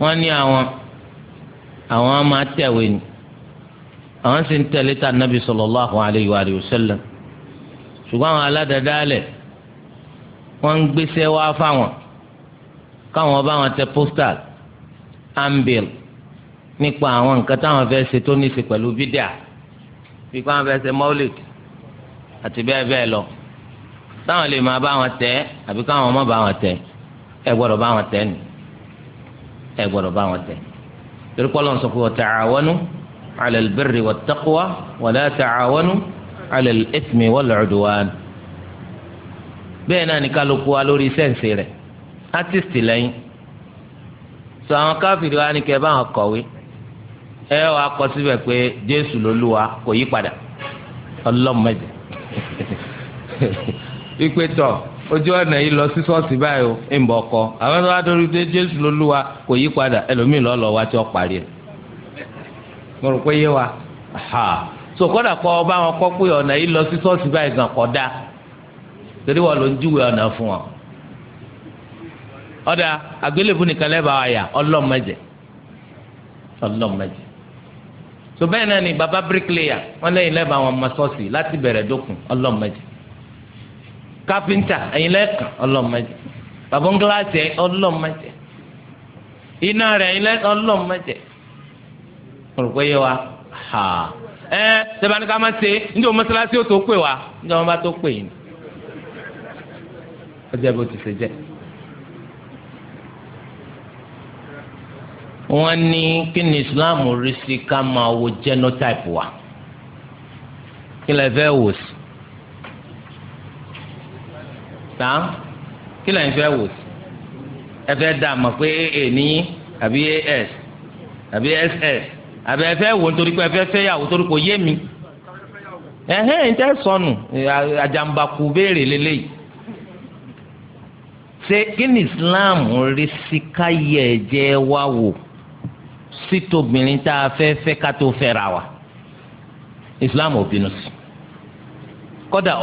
wọ́n ní àwọn àwọn máa tẹ̀wé ni àwọn sì ń tẹ̀lé ta nabi sallallahu alayhi wa sallam ṣùgbọ́n àwọn aládàádáalẹ̀ wọ́n ń gbéṣẹ́ wá fáwọn káwọn bá wọn tẹ postal ambil nípa àwọn nǹkan táwọn fẹ́ ṣe tó ní í ṣe pẹ̀lú bídíà bí káwọn fẹ́ ṣe maulik àti bẹ́ẹ̀ bẹ́ẹ̀ lọ táwọn lè máa bá wọn tẹ̀ àbí káwọn má bá wọn tẹ̀ ẹ gbọ́dọ̀ bá wọn tẹ̀ ni ẹ gbọ́dọ̀ bá wọn tẹ̀ torí pé Ọlọ́run sọ pé wa ta'awanu 'ala al-birri wat-taqwa wa la ta'awanu 'ala al-ithmi wal-'udwan bẹ́ẹ̀ náà ni kálukú wa lórí sẹ́ǹsì rẹ̀ artist lẹ́yìn sọ àwọn káfíìrì wa ni kẹ́ bá wọn kọ̀wé ẹ wà kọ síbẹ̀ pé Jésù lolúwa kò yí padà ọlọ́mọdé pípé tọ̀ ojú ọ̀nà yìí lọ sí ṣọ́ọ̀ṣì báyìí o ń bọ̀ kọ́ àwọn tó wá dórí pé jésù lolúwa kò yí padà ẹlòmíì lọ́ọ́ lọ́ọ́ wá tí ó wa ọba wọn kọ́ pé ọ̀nà yìí lọ sí ṣọ́ọ̀ṣì báyìí gan kọ́ da torí wọn ló ń júwe ọ̀nà fún ọ? ọ̀dà àgbélébù nìkan lẹ́bàá àyà ọlọ́mọdé ọlọ́mọdé so bẹ́ẹ̀ náà ni baba bricklayer wọ́n lẹ́yìn lẹ́bàá wọn mọ láti kapinta ẹ̀yin lẹ́ẹ̀kan ọlọ́mọdé bàbá ńgíláàsì ọlọ́mọdé iná rẹ̀ yẹ wa ha ẹ sẹ́bàá ní ká má ṣe níjọ́ mọ́sálásí tó pè wá níjọ́ wọn bá tó pè yín ni Islam rí sí ká máa wo genotype wa kí lè náà kí lẹ́yìn fẹ́ wò sí ẹ fẹ́ dà mọ̀ pé as àbí ss àbí ẹ fẹ́ wò nítorí pé ẹ fẹ́ fẹ́yàwó torí kò yé mi ẹ̀hẹ́n ń tẹ́ sọnù àjàmbákù béèrè lélẹ́yìí ṣé kí ni Islam rí sí wa wò sí tóbìnrin tá a fẹ́ fẹ́ ká tó fẹ́ra wa Islam ò bínú sí kódà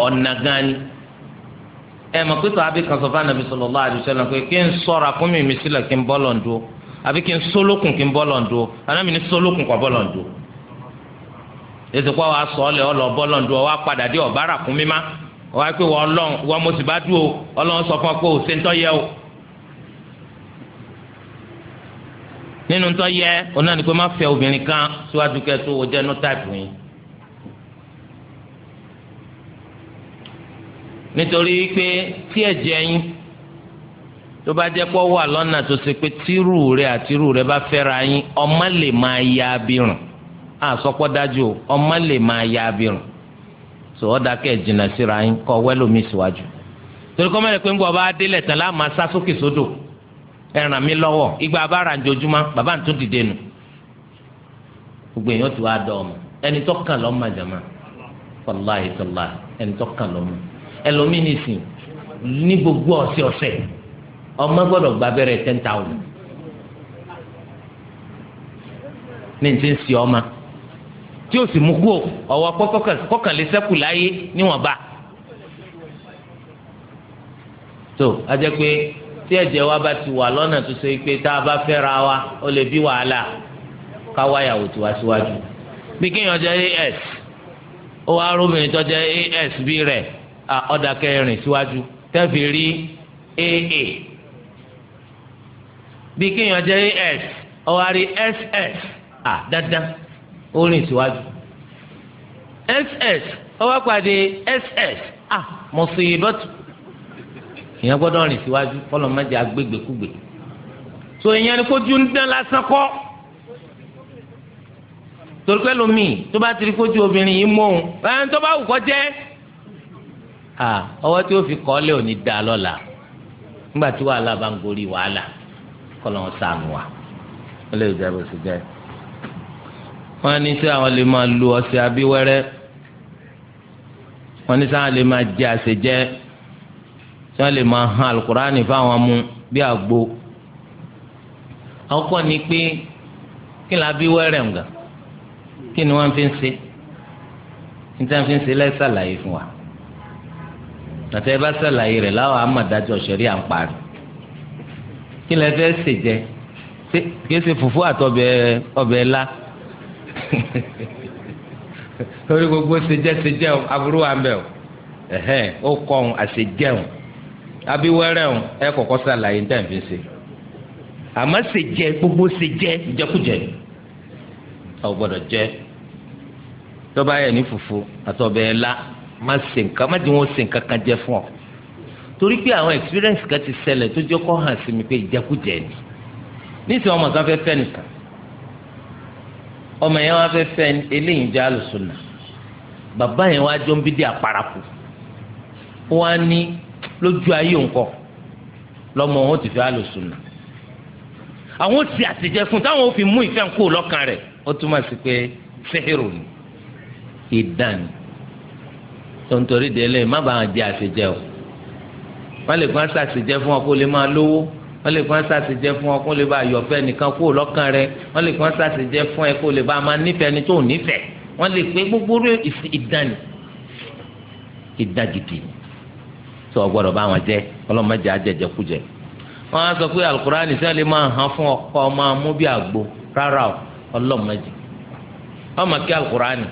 ẹ mọ̀ pé tàbí kan sọ fún anabi sallallahu alaihi wasallam pé kí n sọra fún mi mi sílẹ̀ kí n bọ́ lọ́ndọ́ àbí kí n sólókùn kí n bọ́ lọ́ndọ́ anabi ní sólókùn kọ́ bọ́ lọ́ndọ́ ètòkọ́ wa sọ ọ́lẹ̀ ọlọ́ bọ́ lọ́ndọ́ wa padà dé ọ̀bára fún mi má wọ́n pé wọ́n lọ́n wọ́n mo sì bá dúró ọlọ́run sọ fún ọ pé ò ṣe ń tọ́ o nínú tọ́ yẹ ọ pé má fẹ́ obìnrin kan síwájú kẹ́ẹ́ tó wọ́n jẹ́ nú táìpù yìí nítorí pé tí ẹ̀jẹ̀ yín tó bá jẹ́ pọ́ wà lọ́nà tó ṣe pé tírù rẹ̀ àtirù rẹ̀ bá fẹ́ra yín ọmọ lè máa ya abirùn dájú ọmọ lè máa ya abirùn tó ọ́ dákẹ́ jìnnà síra yín kọ́ wẹ́lómi síwájú torí kọ́ mẹ́rin pé ń gbọ́ bá délẹ̀ tán láà máa sókè sódò ẹ ràn lọ́wọ́ ìgbà abára njojúmọ́ bàbá tó dìde nù gbogbo èèyàn tó wá dọ̀ ọmọ ẹni tó kàn lọ́mọ jàmá fọláhìí ẹlòmíì nìsín ní gbogbo ọ̀sẹ̀ ọ̀sẹ̀ ọmọ gbọ́dọ̀ gba abẹ́rẹ́ ten thousand ní n ti ń si ọmọ tí o sì mú kú ọwọ́ kọkànlélẹ́sẹ̀kù láyé níwọ̀nba tó a jẹ́ pé tí ẹ̀jẹ̀ wa bá ti wà lọ́nà tó ṣe pé tá a bá fẹ́ra wa ó lè bí wàhálà ká wáyàwó tiwa síwájú bí kéèyàn jẹ́ as ó wá rómìnir tó jẹ́ as bí rẹ̀ a ọ̀dà kẹrin síwájú tẹ́fì rí aa bí kéèyàn jẹ́ as ọ̀hárí ss à dandan ó rìn síwájú ss ọwọ́ pàdé ss à mọ̀síbọ́tù èèyàn gbọ́dọ̀ rìn síwájú kọ́lọ̀ má jẹ́ agbégbèkúgbè so èèyàn ni kójú ń dán lásán kọ́ torí pé lómi tó bá ti rí kójú obìnrin yìí mọ́ òun ẹ̀ ń tó bá wù kọ́ jẹ́ ọwọ́ tí ó fi kọ́ lé òní dá lọ́la nígbà tí wàhálà bá ń gorí wàhálà kọ́ lọ́n sànù wa ó lè jẹ́ bó ṣe jẹ́. wọ́n ní sí àwọn lè máa lu ọṣẹ abíwẹ́rẹ́ wọ́n ní sáwọn lè máa jẹ àṣejẹ́ tí wọ́n lè máa han alukurani fáwọn mu bí àgbo. àwọn ni pé kí ni abíwẹ́rẹ́ ń gà kí ni wọ́n fi ń ṣe níta fi ń ṣe lẹ́sàlàyé fún wa nàtẹ́ bá sàlàyé rẹ̀ láwọn amàdájọ́ ṣẹ̀rí à ń parí kí lẹ fẹ́ sè jẹ kí ṣe fùfú àtọbẹ̀ ọbẹ̀ la lórí gbogbo ṣèjẹ́ ṣèjẹ́ aburú wa ń bẹ̀ o ẹ̀hẹ́n ó kọ́ ọ̀hún àṣejẹun abiwẹ́rẹ́ ọ̀hún ẹ kọ̀kọ́ sàlàyé ní tàbí ṣe àmọ́ ṣèjẹ́ gbogbo ṣèjẹ́ ìjẹkújẹ ọ̀ gbọ́dọ̀ jẹ́ tọ́ba yẹ ní fùfú àtọbẹ̀ la má ṣe nǹkan má di wọn ṣe nǹkan kan jẹ fún ọ torí pé àwọn experience kan ti ṣẹlẹ̀ tó jẹ́ kó hàn sí mi pé ìjẹkújẹ ni nísìnyí ọmọ kan fẹ́ fẹ́ nìkan ọmọ yẹn wá fẹ́ fẹ́ eléyìí jẹ́ alùsùnà bàbá yẹn wá jọ ń bí dé àparakù wọn á ní lójú ayé nǹkan lọmọ wọn ti fẹ́ alùsùnà àwọn ò ti àtijẹ́ fún táwọn ò fi mú ìfẹ́ ńkó lọ́kàn rẹ̀ ó túmọ̀ sí pé sẹ́hìrò ni ìdán tó ń torí délé má bàa di àṣejẹ o wọ́n lè kàn ṣàṣejẹ fún ọ kó lè máa lówó wọ́n lè kàn ṣàṣejẹ fún ọ kó lè bá yọ̀fẹ́ nìkan kó lọ́kàn rẹ wọ́n lè kàn ṣàṣejẹ fún ẹ kó lè bá máa nífẹ̀ẹ́ ni tó nífẹ̀ẹ́ wọ́n lè pé gbogbo rẹ ìdánì ìdágìdì tó o gbọ́dọ̀ bá wọn jẹ ọlọ́mọdé ajẹjẹkújẹ wọ́n á sọ pé alukurani sẹ́lẹ̀ máa hàn fún ọkọ máa mú bí àgbo rárá o ọlọ́mọdé ọmọ kí alukurani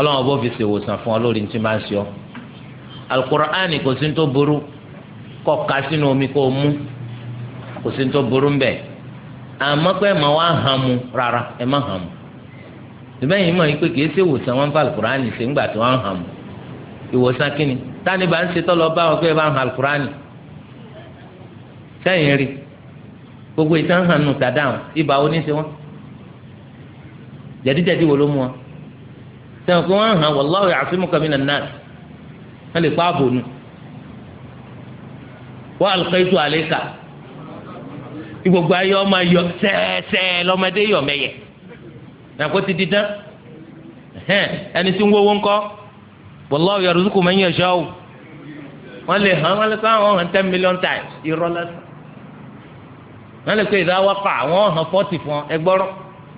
ọlọ́wọ́n bó fi ṣèwòsàn fún ọ lórí tí máa ń ṣe ọ alukur'ani kò sí tó burú kọ ka sínú omi kó mú kò sí tó burú mbẹ àmọ́ pé ẹ wá hàn mu rárá ẹ hàn mu tùmẹ̀yìn mọ̀ pé kìí ṣe ìwòsàn wọn bá alukur'ani ṣe ńgbà tí wọ́n hàn mu ìwòsàn kínni tani bá ń ṣe tọ́lọ bá wọn pé ẹ bá ń hàn alukur'ani sẹ́yìn rí gbogbo ìtàn hàn nù tàdáhùn ibà oníṣẹ́ wọn jẹ̀díjẹ̀dí wo ló mú wọn sẹ́wọ̀n kí wọ́n hàn wallahu ya'simuka minan nas wọ́n lè pa ààbò nù wa alqaitu alayka gbogbo ayé ọmọ ayọ sẹ́ẹ̀sẹ́ lọ́mọdé yọ mẹ́yẹ nàkó ti di dán ẹni tí ń wọ́wọ́ ńkọ́ wallahu yarzuqu man yasha'u wọ́n lè hàn wọ́n lè kọ́ àwọn hàn ten million times irọ́ wọ́n lè kọ́ ìdáwọ́pà àwọn hàn forty fún ẹgbọ́rọ́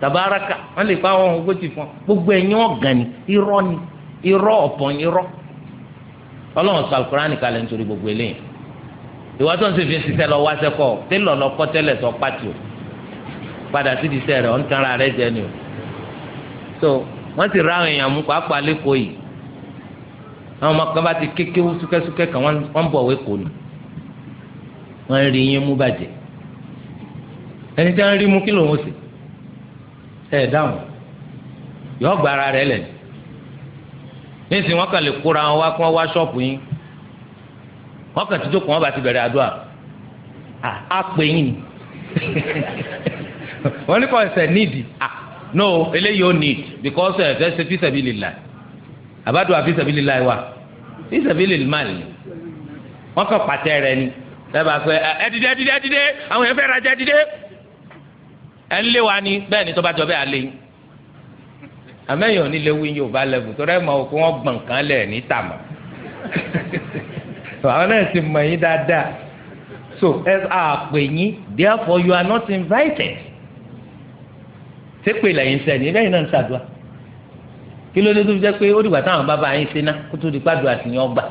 tabaraka wọn lè pa àwọn ohun ogójì fún ọ gbogbo ẹ̀yin ọ̀gàn ni irọ́ ni irọ́ ọ̀pọ̀ ni irọ́ ọlọ́run sọ alukurani kalẹ̀ nítorí gbogbo eléyìí ìwà tó ń sèfé sisẹ́ lọ wá sẹ́kọ̀ tẹ́lọ̀ lọ kọ́ tẹ́lẹ̀ sọ pàtì o padà sí ìdísẹ́ rẹ̀ ọ̀n tanra rẹ̀ jẹ ni o so wọ́n ti ra àwọn èèyàn mú pàápàá lẹ́kọ̀ọ́ yìí àwọn ọmọ kan bá ti kékeré súkẹ́súkẹ́ kan wọ́n ń bọ̀ wé kò nù wọ́n rí yín mú bàjẹ́ ẹni tí wọ́n rí mú kí lòun ó sè ẹ dáhùn yọ gbara rẹ lẹ nísìnyí wọn kàn lè kóra wọn wá kí wọn wá ṣọ́ọ̀pù yín wọn kàn ti jókòó wọn bá ti bẹ̀rẹ̀ àdúrà á pè yín wọn ní kò ẹsẹ níìdì ah no eléyìí ò níìdì because ẹ fẹ́ ṣe fi sabilillah àbádùn fi sabilillah wa fi sabilil mal wọn kàn pàtẹ rẹ ni lẹ́bàá pé ẹ dìde ẹ dìde ẹ dìde àwọn yẹn fẹ́ rajà ẹ dìde ẹ ń lé wa ni bẹ́ẹ̀ ni tó bá jọ bẹ́ẹ̀ alẹ́ yín àmẹ́yìn òní lè wí yóò bá lẹ́gùn tó rẹ́ mọ òkú wọn gbọ̀n kan lẹ̀ ní tàmà àwọn náà ti mọ̀ yín dáadáa so ẹ àpè yín therefore you are not invited sépè lẹ́yìn sẹ́ni ẹ bẹ́yìn náà ń ṣàdúrà kí ló dé tó fi jẹ́ pé ó dìgbà táwọn bàbá yín ṣe ná kó tó di pàdùn àtìyàn ọgbà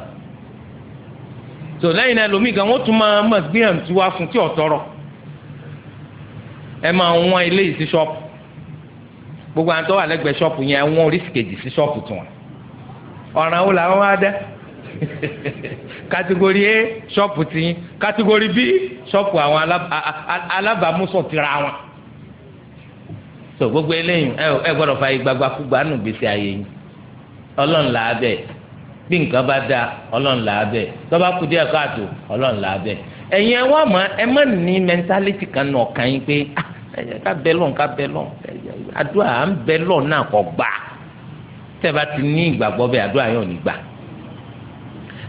so lẹ́yìn náà lómi gan wọ́n tún máa mọ̀ gbé hàn tiwa fún tí ò ẹ máa wọ́n eléyìí sí ṣọ́ọ̀pù gbogbo àwọn tó wà lẹ́gbẹ̀ẹ́ ṣọ́ọ̀pù yẹn wọ́n oríṣi kejì sí ṣọ́ọ̀pù tiwọn ọ̀ràn wo làwọn wá dá katigori a ṣọ́ọ̀pù tiyín katigori b ṣọ́ọ̀pù àwọn alábàámúsọ̀ tira wọn tó gbogbo eléyìí ẹ gbọ́dọ̀ fa ìgbàgbà kúgbà nù gbèsè ayé yìí ọlọ́run là bẹ̀ bí nǹkan bá da ọlọ́run là bẹ̀ tó bá kú díẹ̀ káàtó ọlọ́run là bẹ̀ ẹ̀yin ẹ̀ wọ́n mọ̀ ẹ má ní mẹ́ńtálítì kan náà kàn yín pé ah, ká bẹ lọ́n ká bẹ lọ́n àdúrà à ń bẹ lọ́n náà kọ́ gbà tẹ́ẹ̀bá ti ní ìgbàgbọ́ bẹ́ẹ̀ àdúrà yẹn ò ní gbà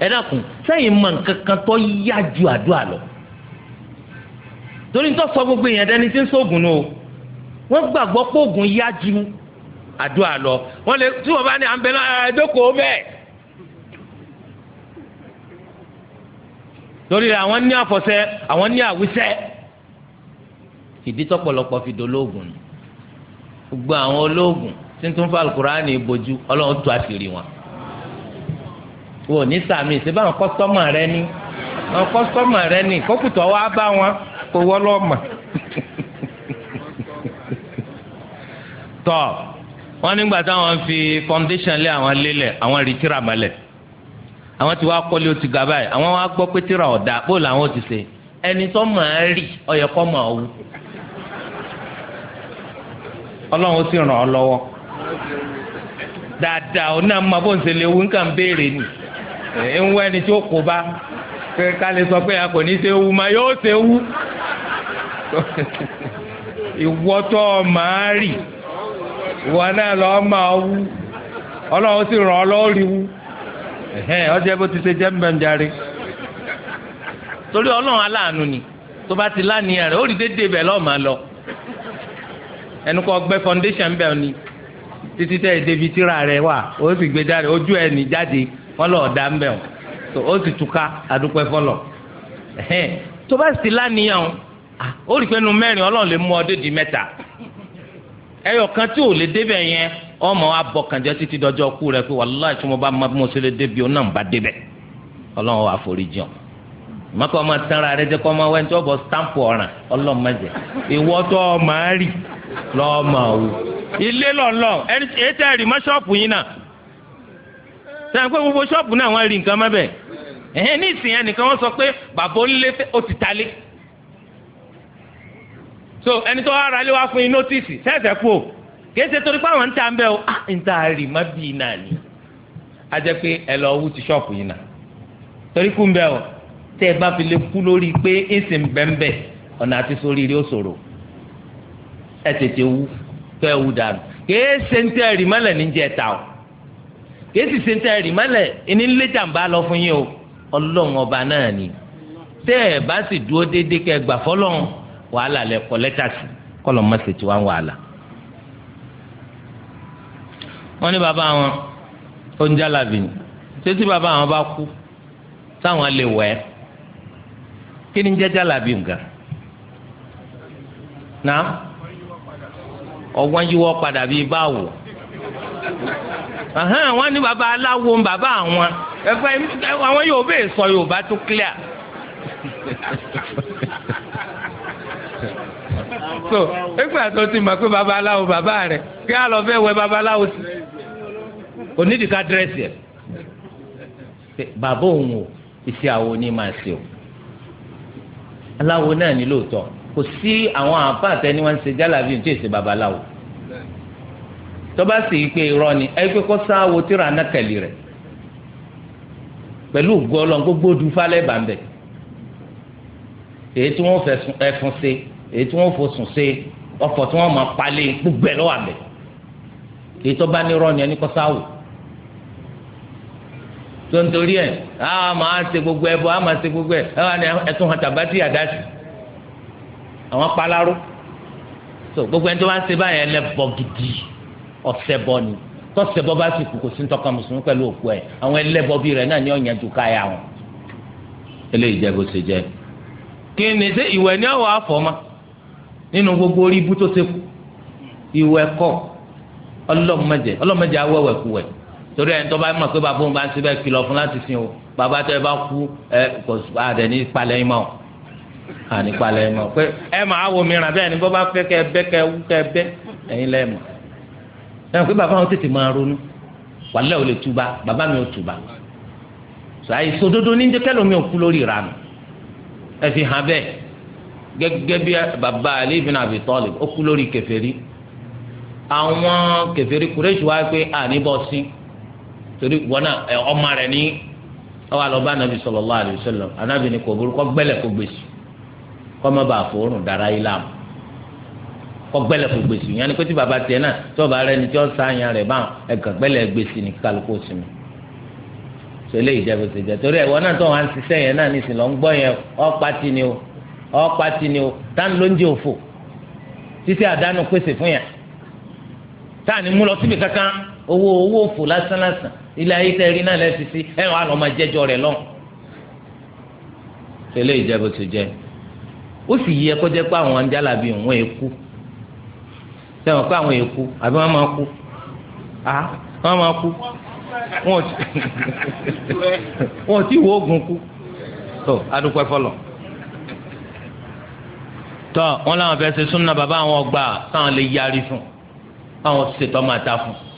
ẹ dákun sẹ́yìn mọ̀ nǹkan kan tó yá ju àdúrà lọ torí tó sọ gbogbo èèyàn dání tí ń sóògùn nù o wọ́n gbàgbọ́ pé oògùn yá ju àdúrà lọ wọ́n lè tí wọ́n bá ní à ń bẹ́ẹ̀ torí rẹ̀ àwọn ní àfọ̀ṣẹ àwọn ní àwíṣẹ́ ìdí tọ́pọ̀lọpọ̀ fi dolóògùn nù gbogbo àwọn olóògùn tí ń tún fa alukurani bojú ọlọ́run tú àṣírí wọn wò ní sàmì ṣe báwọn kọ́sítọ́mà rẹ ní àwọn kọ́sítọ́mà rẹ ní kókùtọ̀ wá bá wọn kó wọ́lọ́ọ̀mà tọ́ wọ́n nígbà táwọn fi foundation lé àwọn lélẹ̀ àwọn rìtírà mọ́lẹ̀ àwọn ti wá kọ́lé ó ti ga báyìí àwọn wá gbọ́ pé tíra ọ̀dà bó làwọn ti ṣe ẹni tó máa rí ọyẹ kọ́ máa wù ọlọ́run ó sì ràn ọ́ lọ́wọ́ dáadáa ó náà máa bó ń ṣe lè wú nǹkan béèrè ọjọ́ bó ti ṣe jẹ́ mbẹ́ njarí torí ọlọ́run aláàánú ni tó bá ti lánìyàn rẹ̀ ó rí déédéé bẹ̀ lọ́ọ́ máa lọ ẹnu kọ́ gbẹ́ foundation bẹ́ẹ̀ ni títí tẹ́ ìdèbí tíra rẹ̀ wà ó sì gbé jáde ojú ẹ̀ ní jáde wọ́n lọ́ọ́ dá mbẹ́ o ó sì túká àdúpẹ́ fọlọ́ tó bá sì lánìyàn ó rí pé nu mẹ́rin ọlọ́run lè mú ọdún di mẹ́ta ẹyọ kan tí ò lè débẹ̀ yẹn ọmọ wa bọ kànjẹ́ títí dọjọ kú rẹ pé wàláì tí mo bá ma ọ náà ń bá débẹ̀ ọlọ́run wa forí jìn mọ́kà ọmọ rẹ jẹ́ kọ́ ọmọ wẹ́n tí wọ́n bọ̀ stamp ọ̀ràn ma mẹ́jẹ ìwọ́ tó ọmọ ilé ètò yín náà pé gbogbo náà rí nǹkan ní sọ pé bàbá ó ti talé so ẹni tó wá kìí ṣe torí pé àwọn ń ta ń bẹ o ah ń ta rì má bí i náà ni a jẹ pé ẹ lọ wú ti ṣọ́ọ̀pù yìí náà torí kú ń bẹ o tẹ ẹ bá fi lè kú lórí pé ń sì ń bẹ ń bẹ ọ̀nà àti sórí rí ó ṣòro ẹ tètè wú tẹ ẹ wú dànù kìí ṣe ń tẹ rì mọ́lẹ̀ ní jẹ ta o kìí sì ṣe ń tẹ rì mọ́lẹ̀ ìní lé jàǹbá lọ fún yín o ọlọ́run ọba náà ni tẹ ẹ bá sì dúró déédéé kẹ gbà fọlọ́run wàhálà lẹ kọ lẹ́tà sí kọlọ́ wọ́n ní bàbá wọn ó ń jálàbì ni títí bàbá àwọn bá kú táwọn lè wẹ̀ ẹ́ kí ni jẹ́ jálàbì nǹkan náà ọ̀wọ́n yíwọ́ padà bíi báwo wọ́n ní bàbá aláwo bàbá àwọn ẹgbẹ́ àwọn yóò bẹ́ẹ̀ sọ Yorùbá tó clear so ẹgbẹ́ àtọ́ ti mọ̀ pé bàbá aláwo bàbá rẹ̀ kí á lọ fẹ́ wẹ̀ bàbá sí i onídìí ká dírẹ́sì ẹ̀ bàbá òun o iṣẹ́ ni máa ṣe o aláwo náà ní lóòótọ́ kò sí àwọn àǹfà àtẹni wọn ń ṣe jálàbí ní tí èsì babaláwo tọ́ba sì í pé irọ́ ni ẹ pé kó sáwo tíra anákẹ́lì rẹ̀ pẹ̀lú gọ́ọ̀lọ́ gbogbo dufalẹ̀ bàbẹ̀ èyí tí wọ́n fẹ́ ẹfun ṣe èyí tí wọ́n fosùn ṣe ọ̀fọ̀ tí wọ́n máa palẹ̀ gbogbo ẹ̀ lọ́wọ́ àbẹ̀ èyí tọ́ba ní irọ́ ni ẹni kó sáwo tó ń torí ẹ̀ á máa ṣe gbogbo ẹbọ á máa ṣe gbogbo ẹ̀ á wà ní ẹtún hàn tàbátì àdáṣì àwọn paláró so gbogbo ẹni tó bá ń ṣe báyẹn lẹ́bọ gidi ọ̀sẹ̀ bọ ni tọ́sẹ̀ bọ́ bá sì kú kò sí tọ́ka mùsùlùmí pẹ̀lú òkú ẹ̀ àwọn ẹlẹ́bọ bíi rẹ̀ náà ní ọ̀yànjú káyà wọn. eléyìí jẹ́ bó ṣe jẹ́ kí ni ṣé ìwẹ̀ ni ọ̀wọ́ àfọ̀mọ́ nínú gbogbo orí ibú tó ṣe kù ìwẹ̀ kọ́ ọlọ́mọdé ọlọ́mọdé awẹ́wẹ̀ kú wẹ̀ torí ẹni tó bá mọ̀ pé bàbá òun bá ń síbẹ̀ kìlọ̀ fún láti sìn o bàbá tó ẹ bá kú ẹ kò àdẹ ní palẹ̀ ìmọ̀ àní palẹ̀ ìmọ̀ pé ẹ máa wo mìíràn bẹ́ẹ̀ ni bó bá fẹ́ kẹ bẹ́ kẹ wú kẹ bẹ́ ẹ̀yin lẹ́ mọ̀ ẹ pé bàbá wọn tètè máa ronú wàlẹ́ ò lè túba bàbá mi ò túba sọ àìsàn òdodo ní kẹlòmí ò kú lórí ìranù ẹ fi hàn bẹ́ẹ̀ gẹ́gẹ́ bí bàbá Ali ibn Abi Talib ó kú lórí kèfèrí àwọn kèfèrí Kùrẹ́ṣì wá pé àní sí torí wọn náà ẹ ọmọ rẹ ní ọwọ àlọ bá anabi sallallahu alaihi wasallam anabi ni kò burúkọ gbẹlẹ kó gbèsè kọ má bàa fòórùn dára yìí láàmú kọ gbẹlẹ kó gbèsè yẹn ni pété bàbá tiẹ náà tọba rẹ ni tí ó sáyàn rẹ báwọn ẹgà gbẹlẹ gbèsè ní kálukú sinmi tó eléyìí jẹ bẹsẹ jẹ torí ẹwọn náà tó wọn ṣiṣẹ́ yẹn náà nísìnyí lọ ń gbọ́ yẹn ọ pati ni o ọ pati ni o tá ń lóúnjẹ òfò títí àdánù pèsè fún yẹn tá ní mú lọ síbi kankan owó owó òfò lásán lásán ilé ayé tẹ́ rí náà lẹ́sìn sí ẹ̀ wà lọ́ọ́ máa jẹ́jọ́ rẹ̀ lọ́hùn. tẹ́lẹ̀ ìjẹ́bù tó jẹ́ ó sì yẹ kó jẹ́ pé àwọn ajálàbí òun ẹ̀ kú sẹ́wọ̀n pé àwọn èkú àbí wọ́n máa kú wọ́n máa kú wọn ò tí wo oògùn kú tó adúpẹ́ fọlọ́ tọ́ wọn làwọn fẹ́ ṣe súnmọ́ bàbá àwọn ọgbà táwọn lè yarí fún táwọn ṣètọ́ máa ta fún un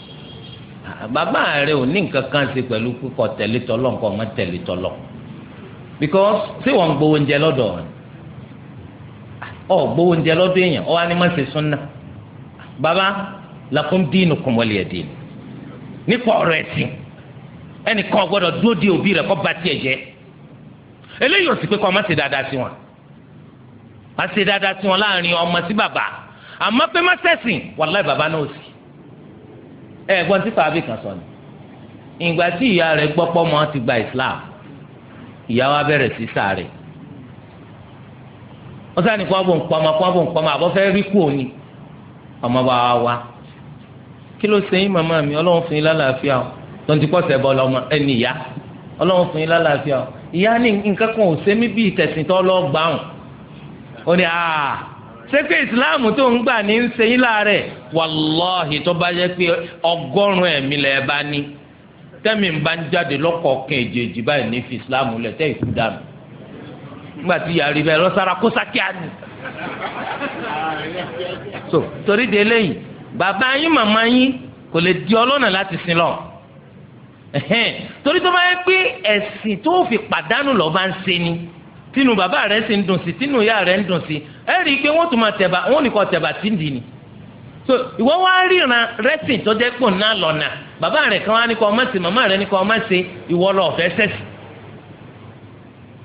bàbá rẹ ò ní nǹkan kan ṣe pẹ̀lú kíkọ tẹ̀lé tọ́lọ̀ nǹkan ọmọ tẹ̀lé tọ́lọ̀ because tí wọ́n ń gbowó oúnjẹ lọ́dọ̀ rẹ̀ ọ̀ gbowó oúnjẹ lọ́dọ̀ èèyàn ọ̀ wá ní má ṣe súnà bàbá lakum dinukum waliyadin nípa ọ̀rọ̀ ẹ̀sìn ẹnìkan ọ̀gbọ́dọ̀ dúró de òbí rẹ̀ kó ba tiẹ̀ jẹ́ eléyìí ò sì pé kó ọmọ ṣe dáadáa sí wọn má ṣe dáadáa sí wọn láàrin ọmọ sí bàbá àmọ́ pé má ṣẹ̀sìn wàláì bàbá náà ò sí ẹ gbọ́n tí fàábì kan sọ ni ìgbà tí ìyá rẹ̀ gbọ́ pọ́ mọ́ ti gba Islam ìyá wa bẹ̀rẹ̀ sí sáré wọ́n sáré kó abò ń pọ́nmọ́ kó abò ń pọ́nmọ́ àbọ̀ fẹ́ rí kú òní ọmọ bá wa wá kí ló ṣe yín màmá mi ọlọ́run fún yín lálàáfíà o tó ń ti pọ̀sẹ̀ bọ́ lọ́mọ ẹni ìyá ọlọ́run fún yín lálàáfíà o ìyá ní nǹkan kan ò ṣe mí bí ìtẹ̀sìn tó ó ní àá sẹ́kẹ̀ ìsìláàmù tó ń gbà ní ń ṣe yín láàárẹ̀ wàláhì tó bá jẹ́ pé ọgọ́rùn-ún ẹ̀mí lẹ̀ bá ní tẹ́mi ń bá ń jáde lọ́kọ̀ọ̀kan èjèèjì báyìí ní fi ìsìláàmù lẹ̀ tẹ́ ìkú dànù nígbà tí yàrá ibẹ̀ lọ sára kó sákíá ni. so torí de eléyìí bàbá yín màmá yín kò lè di ọlọ́nà láti sin lọ torí tó bá yẹ pé ẹ̀sìn tó fi pàdánù lọ́ bá ń ṣe ni tínú bàbá rẹ sì ń dùn sí tínú ìyá rẹ ń dùn sí ẹ rí i pé wọ́n tún máa tẹ̀bà wọ́n nìkan tẹ̀bà tí ń dì so ìwọ wá ríran rẹ́sìn tó jẹ́ pò ná lọ́nà bàbá rẹ kan wá ní ọmọ sí màmá rẹ ní ọmọ sí ìwọ lọ ọ̀fẹ́ sẹ́sì.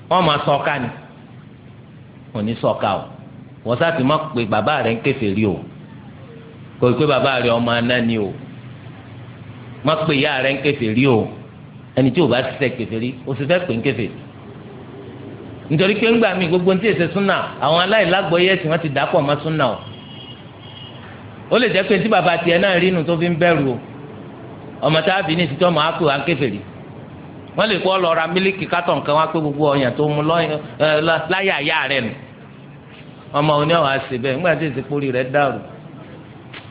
wọ́n máa sọ ọ́ka ni wọ́n ní sọ ọ́ka o wọ́n sáàtì má pe bàbá rẹ ń kéfè rí o kò pé bàbá rẹ ọmọ aná ni o má pe ìyá rẹ ń kéfè rí o ẹni tí ò bá ṣiṣẹ́ kéfè rí o sì fẹ́ pè ń kéfè rí nítorí pé ńgbà míì gbogbo ní tí èsè súnà àwọn aláìlágbọ̀ọ́yé ẹ̀sìn wọn ti dàpọ̀ mọ́ súnà o ó lè jẹ́ pé tí bàbá tiẹ̀ náà rí inú tó fi ń bẹ̀rù o ọmọ tá a bí ní ìsìtí ọmọ akpé wa ń kèfèrí wọ́n lè kọ́ lọ ra mílíkì kátọ̀ nǹkan wá pé gbogbo ọ̀yàn tó mu láyà àyà rẹ̀ nù ọmọ òní ọ̀ àṣẹ bẹ́ẹ̀ ńgbà tí èsì kórì rẹ̀ dàrú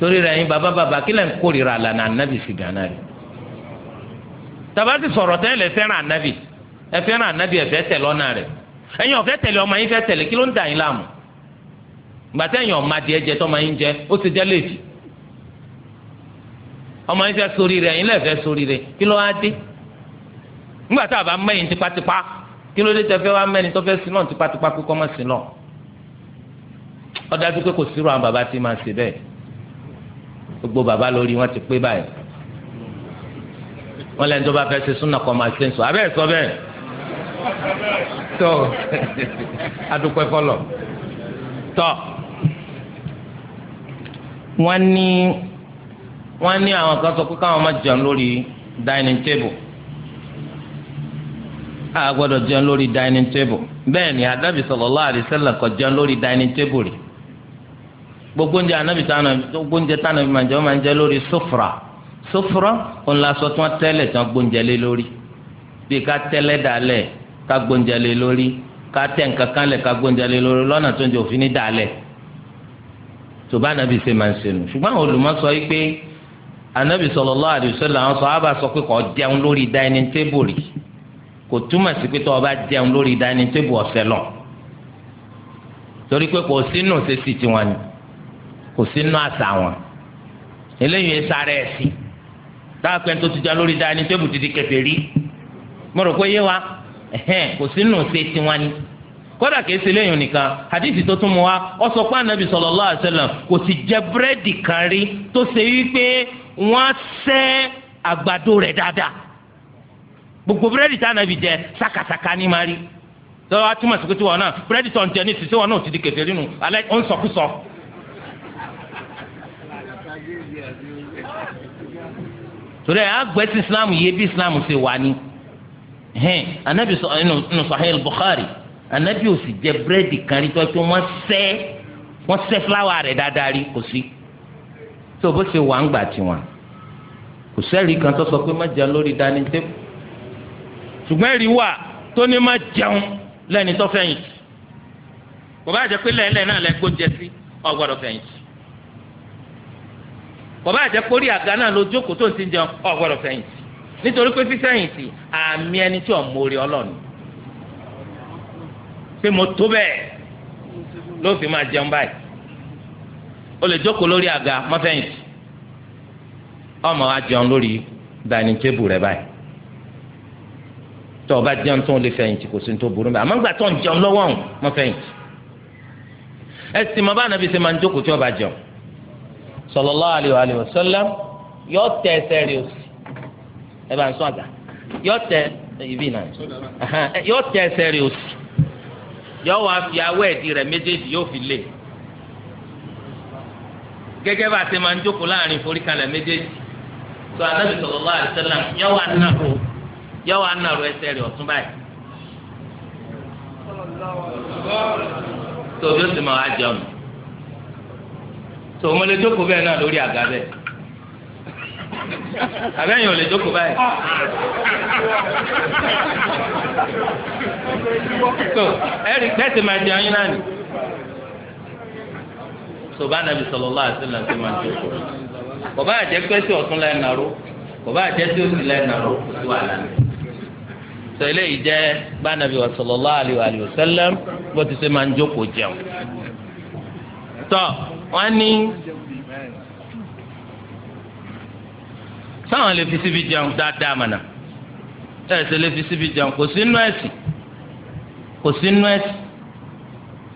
torí rẹ̀ yín bàbá bàbá kílẹ̀ ń kórìíra àlànà ànábì sí gánà rẹ̀ tàbá ti sọ̀rọ̀ tẹ́lẹ̀ fẹ́ràn ànábì ẹ fẹ́ràn ànábì ẹ tẹ̀ lọ́nà rẹ̀ ẹ̀yin ọ̀fẹ́ tẹ̀lé ọmọ yín fẹ́ tẹ̀lé kí ló ń dà yín láàmú gbàtẹ́ ẹ̀yin ọ̀ma díẹ̀ jẹ tọ́mọ yín jẹ ó ti jẹ́ lèvi ọmọ yín fẹ́ sórí rẹ̀ ẹ̀yin lẹ́ẹ̀ fẹ́ sórí rẹ̀ kí ló á dé nígbà tá a bá mẹ́yìn tipátipá kí ló dé tẹ fẹ́ wá mẹ́ni tó fẹ́ sin náà tipátipá kó kọ́mọ́ sin náà ọ̀dájú pé kò sírò àwọn bàbá tí máa ṣe bẹ́ẹ̀ gbogbo bàbá lórí wọn ti pé báyìí wọn lẹ́ni tó bá fẹ́ ṣe súnà kọ́ máa ṣe ń sọ abẹ́ẹ̀ sọ bẹ́ẹ̀ tọ́ adúpẹ́ fọlọ́ tọ́ wọ́n ní wọ́n ní àwọn kan sọ pé káwọn má jẹun lórí dining table a gbọ́dọ̀ jẹun lórí dining table bẹ́ẹ̀ ni anabi sallallahu alaihi wasallam kò jẹun lórí dining table rẹ̀ gbogbo oúnjẹ anabi tánà gbogbo oúnjẹ tánà fi máa jẹ wọn máa ń jẹ lórí sufra sufra òun la sọ tí wọn tẹ́lẹ̀ gbóúnjẹ lé lórí bí ká tẹ́lẹ̀ dálẹ̀ ká gbóúnjẹ lé lórí ká tẹ̀ nǹkan kan lẹ̀ ká gbóúnjẹ lé lórí lọ́nà tó ń jẹ òfin ní dàlẹ̀ tó bá anabi ṣe máa ń ṣe nù ṣùgbọ́n àwọn olùmọ̀ sọ yìí pé anabi sallallahu alaihi wasallam àwọn sàhábà sọ pé kò jẹun lórí dining table kò túmọ̀ sí pé tó o bá jẹun lórí dining table ọ̀sẹ̀ lọ torí pé kò sínú ṣe sì tiwọn ni kò sínú àṣà wọn eléyìí ẹ sáré ẹsìn dáàpẹ́ tó ti já lórí dání tébù ti kẹfẹ́ rí mo rò pé yé wa kò sínú ṣe tiwọn ni kódà kìí ṣe léyìn nìkan hadithi tó tún mu wa pé anabi sallallahu alaihi wasallam kò sì jẹ búrẹ́dì kan rí tó ṣe wípé wọn se àgbàdo re dáadáa gbogbo búrẹ́dì tá anabi jẹ sakasaka ní ma rí lọ́wọ́ atúmọ̀ sí pé wọn náà búrẹ́dì tó ń jẹ ní ìsísí wọn náà ti di kẹfẹ́ nínú alẹ́ islam yìí bí islam ṣe wà hẹ́n anabi sọ nínú sahih bukhari anabi ò sì jẹ búrẹ́dì kan rí tó tó wọ́n sẹ́ wọ́n sẹ́ fúláwà rẹ̀ dáadáa rí kò sí tó bó ṣe wà ń gbà tiwọn kò sẹ́ẹ̀rí kan tó sọ pé má jẹun lórí dání tẹ́kù ṣùgbọ́n ẹ̀rí wà tó ní má jẹun lẹ́ni tó fẹ̀yìntì kò bá jẹ́ pé lẹ́ẹ̀lẹ́ náà lẹ́ gbóúnjẹ sí ó gbọ́dọ̀ fẹ̀yìntì kò bá jẹ́ pé orí àga náà ló tó ń ti jẹun ó gbọ́dọ̀ fẹ̀yìntì nítorí pé fífẹ̀yìntì àmì ẹni tí ò mórí ọlọ́ọ̀ni pé mo tó bẹ́ẹ̀ ló fi máa jẹun báyìí o lè jókòó lórí àga mọ́fẹ̀yìntì ọmọ wa jẹun lórí dining table rẹ báyìí tó o bá jẹun tó o lè fẹ̀yìntì kò sí tó burú bẹ́ẹ̀ àmọ́ gbà tó ń jẹun lọ́wọ́ ọ̀hún mọ́fẹ̀yìntì ẹsìn mọ báyìí nàbí sẹ máa ń jókòó tí wọn bá jẹun sallallahu alaihi wa sallam yọ tẹ ẹsẹ̀ rẹ̀ ẹ bá ń sọ àgà yọ tẹ ibi náà yọ tẹ ẹsẹ̀ rẹ̀ òsì yọ wá fi awọ ẹdì rẹ̀ méjèèjì yóò fi lé gẹ́gẹ́ bá a ti máa ń jókòó láàrin foríkalẹ̀ méjèèjì tó anábì yọ wá nàró yọ wá nàró ẹsẹ̀ rẹ̀ ọ̀tún báyìí tó ó sì máa wá jẹun jókòó náà lórí àga àbẹ́yìn ò lè jókòó báyìí. so ẹ̀rí pẹ́ẹ́sì máa jẹun yín náà nì. so bá nàbì sallallahu alaihi wasallam ti máa jókòó. bàbá àjẹ́ pẹ́ẹ́sì ọ̀tún lẹ́ẹ̀ nàró bàbá àjẹ́ tí ó sì lẹ́ẹ̀ nàró sí wàhálà ni. sọ eléyìí jẹ́ bá nàbì sallallahu alaihi wasallam bó ti ṣe máa jókòó jẹun. tọ́ wọ́n ní. sáwọn lè fi síbi jẹun dáadáa mọ̀nà ẹ̀sẹ̀ lè fi síbi jẹun kò sí nú ẹ̀sìn kò sí nú ẹ̀sìn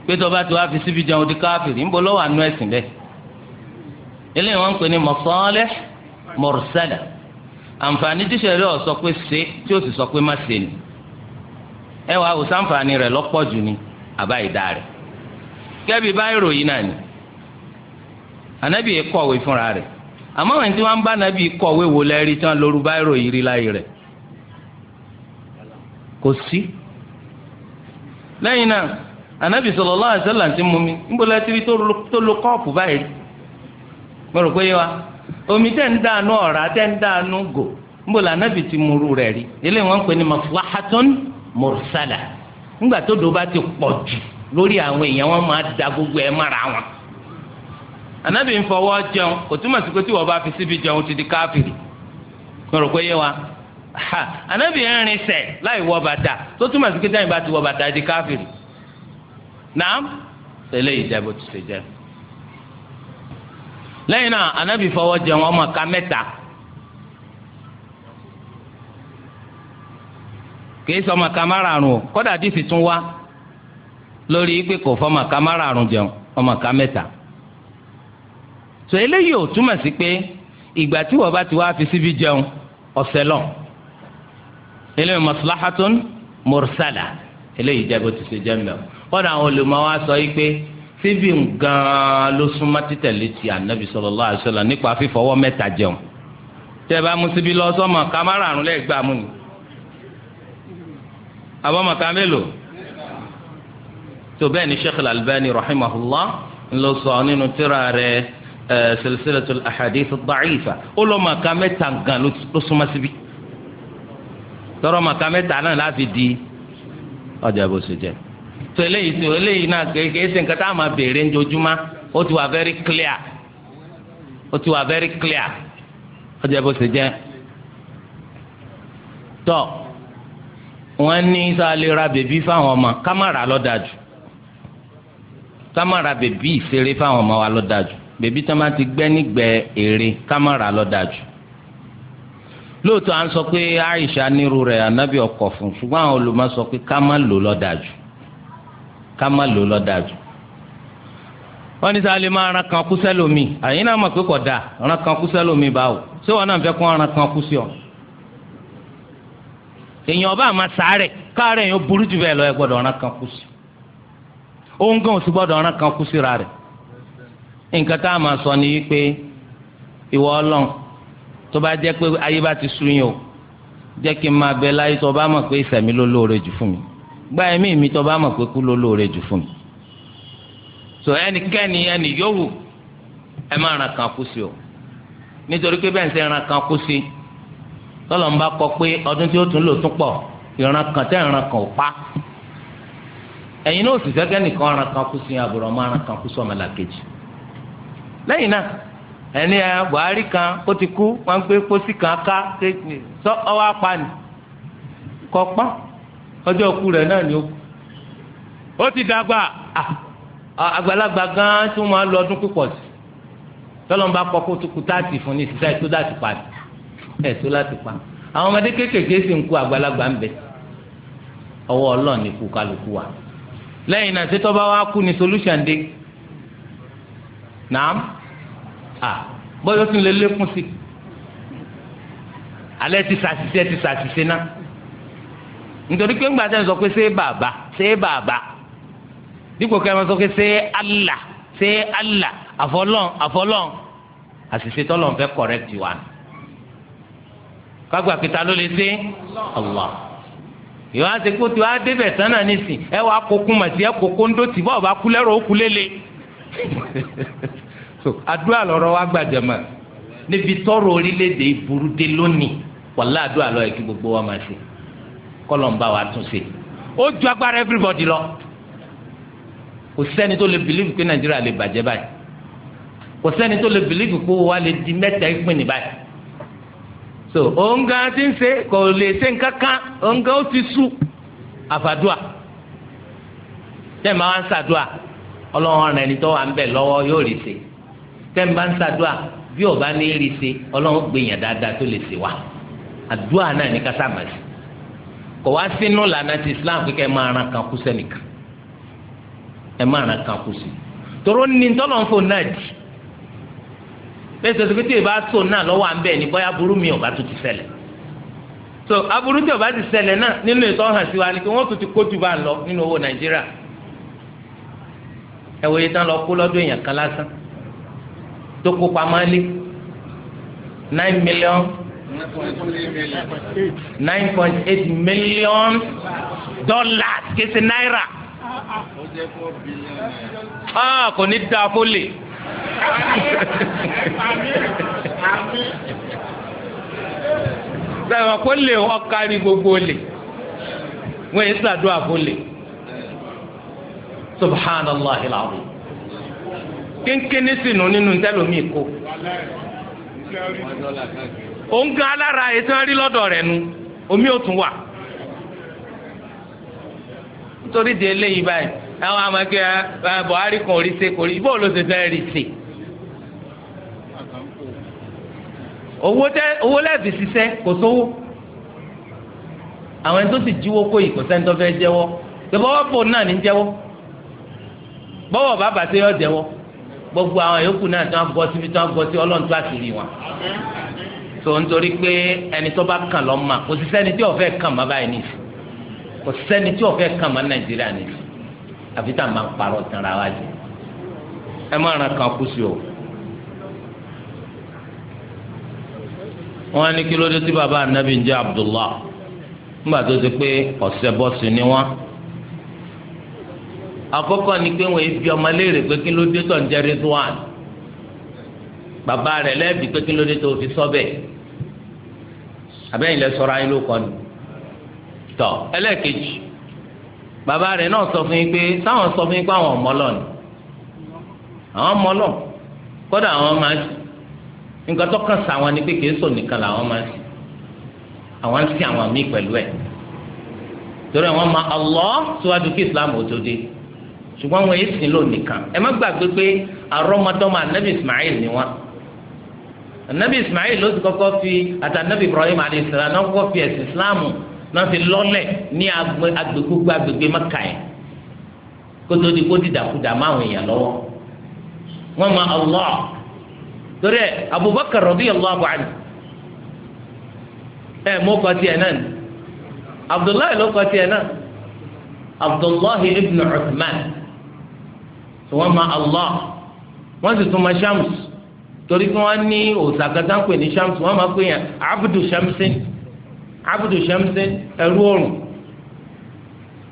pé tó bá ti wá fi síbi jẹun di káfíìrì ńbọ lọ́wọ́ àánú ẹ̀sìn bẹ́ẹ̀ eléyìí wọ́n ń pè ní mọ̀sánlẹ̀ mọ̀rọ̀sẹ̀lẹ̀ àǹfààní tíṣẹ̀ rẹ̀ ọ̀ sọ pé ṣe tí ó sì sọ pé má ṣe ni ẹ wàá wò sáǹfààní rẹ̀ lọ́pọ̀ jù ni àbá ìdá rẹ̀ kẹ́bi bá ìròyìn náà ni ànábì yẹn kọ̀wé fúnra rẹ̀ àmọ́ àwọn tí wọ́n bá nàbí kọ̀wé wò lẹ́rìí tí wọ́n lóru báírò yìí rí láyé rẹ̀ kò sí. lẹ́yìn náà ànábì sallallahu ti mú mi ti tó lo báyìí mo omi tẹ́ ń dànù ọ̀rá tẹ́ ń dànù gò ànábì ti mú rí ń pè ní mursala tó ti pọ̀ jù lórí anabi ń fọwọ́ jẹun kò túmọ̀ sí pé tí wọ́n bá fi síbi jẹun ti di káfìrì mo rò pé yé wa ha anabi ń rin sẹ̀ láì wọ bàtà tó túmọ̀ sí pé tí àyìnbá ti wọ bàtà di káfìrì náà tẹ́lẹ̀ ìjẹ́bù ti ṣe jẹ́ lẹ́yìn náà anabi fọwọ́ jẹun ọmọ ká mẹ́ta kì í sọ ọmọ ká márààrún o kọ́dà dìsì tún wá lórí pé kò fọ́ ọmọ ká márààrún jẹun ọmọ ká mẹ́ta sọ eléyìí ò túmọ̀ sí pé ìgbà tí wọ́n bá ti wá fi síbi jẹun ọ̀sẹ̀ lọ eléyìí maslahatun mursala eléyìí jẹ́ bó ti ṣe jẹ́ mẹ́wọ́ kọ́dà àwọn olùmọ̀ wa sọ yìí pé síbi gan-an ló súnmọ́ títẹ̀lé ti ànábì sallallahu alaihi wasallam nípa fífọwọ́ mẹ́ta jẹun tẹ́ ẹ bá mú síbi lọ sọ́mọ kámárà àrùn lẹ́gbàá mú ni abọ́mọ ká mélòó tó bẹ́ẹ̀ ni Sheikh al rahimahullah ló sọ nínú tírà rẹ̀ silsilatul ahadith ad-da'ifa ó lọ́ màkà mẹ́ta gan ló súnmọ́ síbi tọrọ màkà mẹ́ta náà láti di ọjà bó ṣe jẹ tó eléyìí tó eléyìí náà kéèké ṣe nǹkan tá a máa béèrè ńjojúmọ́ ó ti wà very clear ó ti wà very clear ọjà bó ṣe jẹ tọ wọn ní sáà lè ra bèbí fáwọn ọmọ ká má ra lọ́dà jù ká má ra bèbí ìṣeré fáwọn ọmọ wa lọ́dà jù bèbí tí wọ́n bá ti gbẹ́ nígbẹ́ èrè kámẹ́rà lọ́dàjù lóòótọ́ à ń sọ pé Aisha nírú rẹ̀ ànábì ọkọ̀ fún ṣùgbọ́n àwọn olùmọ̀ sọ pé ká lò lọ́dàjù ká lò lọ́dàjù wọ́n ní sáà lè máa ran kan kú sẹ́lómi àyìn náà mọ̀ pé kò ran kan kú sẹ́lómi wọn náà fẹ́ kó ran kan kú ọ. èèyàn ọba àmà sàárẹ̀ káàárẹ̀ yẹn burú jù bẹ́ẹ̀ lọ ẹ gbọ́dọ̀ ran kan kú nǹkan tá a máa sọ ni wípé ìwọ ọlọ́run tó bá jẹ́ pé ayé bá ti sú yín o jẹ́ kí n máa bẹ láyé tó bá mọ̀ pé ìsẹ̀mí ló lóore jù fún mi gba ẹ̀mí mi tó bá mọ̀ pé kú ló lóore jù fún mi. sọ ẹnikẹ́ni ẹni yòówù ẹ máa ràn kàn kú sí o nítorí pé bẹ́ẹ̀ ń sẹ́ ràn kàn kú sí tọ́lọ̀ ń bá kọ pé ọdún tí ó tún lò tún pọ̀ ìran kan tẹ́ ìran kan ò pa ẹ̀yin náà sì sẹ́kẹ́ nìkan ràn kàn kú sí àbùrọ̀ máa ràn kàn kú sí ọmọlàkejì lẹ́yìn náà ẹni ẹ Buhari kan ó ti kú wọn gbé pósí kan ká sọ ọwọ́ apá ni kọpá ọjọ́ òkú rẹ̀ náà ni ó kú ó ti dàgbà ah, àgbàlagbà gan tí wọ́n máa lọ ọdún púpọ̀ sí tọ́lọ́mùbá kọ́ kó tó kú táàtì fún ní ìsísá ètò láti pa ẹ̀ tó láti pa àwọn ọmọdé kéékèèké sì ń kú àgbàlagbà ń bẹ ọwọ́ Ọlọ́run ni kú kálukú wa lẹ́yìn náà ṣé tọ́ba wa kú ni solution dé nàám à bọ́yọ̀ tún lè lékún sí alẹ́ ti sàṣìṣe ti sàṣìṣe náà nítorí pé ńgbà sẹ́yìn sọ pé ṣé bàbá ṣé bàbá dípò kẹ́ ẹ máa sọ pé ṣé Allah ṣé Allah àfọlọ́n àfọlọ́n àṣìṣe tọ́lọ́n fẹ́ correct wa kágbà pété ló lè ṣe Allah yóò wá ṣe kó tó a débẹ̀ sánà nísìn ẹ wàá kókó màtí ẹ kókó ńdó tì bọ́ọ̀ bá kú lẹ́rọ̀ ó kú lélẹ̀ so àdúrà lọ́rọ̀ wa gbàjẹ́ mọ́ níbi tọrọ orílẹ̀-èdè burú dé lónìí wàlá àdúrà lọ́ọ́ yẹ kí gbogbo wa máa ṣe kọ́lọ́mbà wa tún ṣe ó ju agbára everybody lọ kò sẹ́ni tó lè bìlífù pé nàìjíríà lè bàjẹ́ báyìí kò sẹ́ni tó lè bìlífù pé wa lè di mẹ́ta ìpín ní báyìí so òǹgà ti ń ṣe kò lè ṣe nǹkan kan òǹgà ó ti sú àfàdùà tẹ́ẹ̀ máa ń ṣàdùà ọlọ́run ẹni tó wà ń bẹ̀ lọ́wọ́ yóò rí ṣe. tẹ́ǹbà ń ṣàdúà bí ọba ní rí ṣe ọlọ́run gbìyàn dáadáa tó lè ṣe wá àdúà náà ní kásámàsì kò wá sínú lànà Islam kíkẹ́ máa ran kan kú sẹ́nìkan ẹ máa ran kan kú sí tòró ní tọ́lọ́nfò náà dì bẹ́ẹ̀ sọ pé tí ìbá tó náà mi so aburú ti sí wa ni pé ti kó jù bá ń lọ nínú owó Nàìjíríà ẹ̀wòye tán lọ kó lọ́dún èèyàn kan lásán tó kó pamọ́ lé nine million nine point eight million dollars Kese naira. ah kò ní dáa kó lè sẹ́wọ̀n kó lè ọkàrí gbogbo lè wọ́n yẹ sàdúrà kó lè subhanallah ilaahu. kéńkéńní sì nù nínú ntẹ́lómi kó òun gan alára ètò lọ́dọ̀ rẹ̀ nu omi ò tún wà nítorí di eléyìí báyìí àwọn Buhari kan orí ṣe kò rí bó ló ṣe fẹ́ rí owó tẹ owó lẹ́ẹ̀fì ṣiṣẹ́ kò sówó àwọn ẹni tó sì jíwó kó yìí kò sẹ́ni tó fẹ́ jẹ́wọ́ jewo. náà ní yọ jẹ́wọ́. gbogbo àwọn yòókù náà tí wọ́n bọ́ síbi tí wọ́n bọ́ sí ọlọ́run tó àṣírí wọn. tó nítorí pé ẹni tó bá kàn lọ́ mà kò sí sẹ́ni tí ó kàn má báyìí nìyí kò sí sẹ́ni tí ó kàn má nàìjíríà nìyí àfi tá a máa wa jẹ ẹ má ràn kàn kú sí o. ni àkọ́kọ́ ni pé wọ́n ebi ọmọ léèrè pé kí ló dé tó ń jẹ́ rizwan bàbá rẹ̀ lẹ́bi pé kí ló dé tó fi sọ bẹ́ẹ̀ abẹ́yìn lẹ sọ̀rọ̀ ayé ló kọ́ ni tọ́ ẹlẹ́ẹ̀kejì bàbá rẹ̀ náà sọ fún yín pé táwọn sọ fún yín pé àwọn ọmọlọ ni àwọn ọmọlọ kódà àwọn máa ń nǹkan tó kàn sáwọn ni pé kìí sọ nìkan làwọn máa ń àwọn ń àwọn míì pẹ̀lú ẹ̀ torí àwọn máa Allah síwájú kí Islam ò tó dé ṣùgbọ́n wọn yìí sìn lò nìkan ẹ má gbàgbé pé àrọ́mọdọ́mọ anabi ismail ni wọn anabi ismail ló ti kọ́kọ́ fi àti anabi ibrahim alayisalaam náà kọ́kọ́ fi ẹ̀sìn islamu náà fi lọ́lẹ̀ ní agbègbè agbègbè mẹ́ka yẹn kótó di kó dìdàkudà máwọn èèyàn lọ́wọ́ wọn ma allah torí ẹ abubakar radiyallahu anhu ẹ mọ kọ tiẹ̀ náà abdullahi ló kọ tiẹ̀ náà abdullahi ibn uthman. tí ma Allah wọ́n sì tún ma shams torí kí wọ́n ní òsàkátà ń pè ma pè abudu shamsi abudu shamsi ẹrú òrùn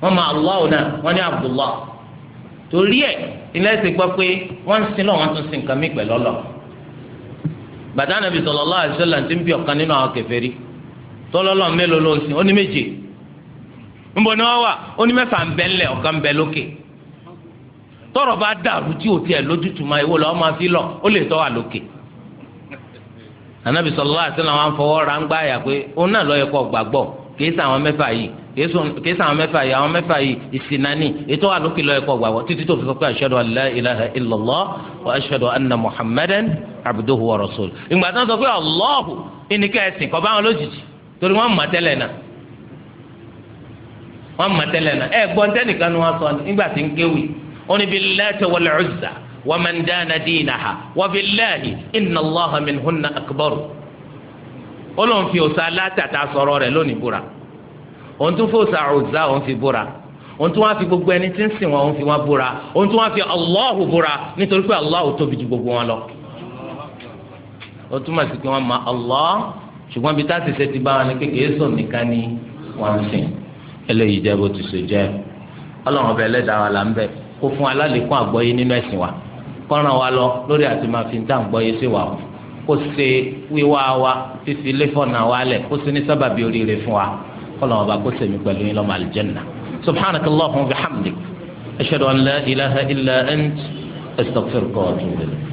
ma Allah náà wọ́n ní abdullah torí ẹ̀ ilé ẹ̀sìn pé wọ́n ń sin lọ́wọ́ tún sin nǹkan mí pẹ̀lú bàtà nàbì sallallahu alaihi wasallam ti ń bí ọ̀kan nínú àwọn mélòó ló ń sin ó ní méje tọrọ bá dàrú tí o tiẹ̀ lójútùú máa ìwọ lọ́ọ́ máa fi lọ ó lè tọ́ wà lókè anabi sọlọ alaihi wasallam àwọn afọwọ́ ra ń gbá àyà pé òun náà yẹ kó àwọn yìí àwọn yìí àwọn yìí ètò wà lókè yẹ kó títí tó fi wa ni wọ́n sọ nígbà tí oni billahi wal uzza wa man dana dinaha wa billahi inna allaha minhunna akbaru olóhùn fi òsà látàtà sọ̀rọ̀ rẹ̀ lónìí búra òun tún fòsà òzà òun fi búra òun tún wá fi gbogbo ẹni tí ń sìn wọn òun fi wọn búra òun tún wá fi Allahu búra nítorí pé Allahu tóbi ju gbogbo wọn lọ. ó túmọ̀ sí pé wọ́n ma Allah ṣùgbọ́n bí táàsì ṣe ti bá wọn ni kékeré sùn nìkan ni wọ́n ń sìn. eléyìí jẹ́ bó ti ṣe jẹ́ ọlọ́run ọbẹ̀ ẹlẹ́dàá wa là kó fún alálẹ̀kùn àgbọ́yé nínú ẹ̀sìn wa kọ́ran wa lọ lórí àti máa fi dá àgbọ́yé sí wa kó ṣe wíwá wa fífi lẹ́fọ̀nà wa lẹ̀ kó ṣe ní sábàbí oríire fún wa kọ́ran wa bá kó ṣèmi pẹ̀lú yín lọ́mọ àlìjẹ́nà subhanaka allahumma wa bihamdik ashhadu an la ilaha illa ant astaghfiruka wa atubu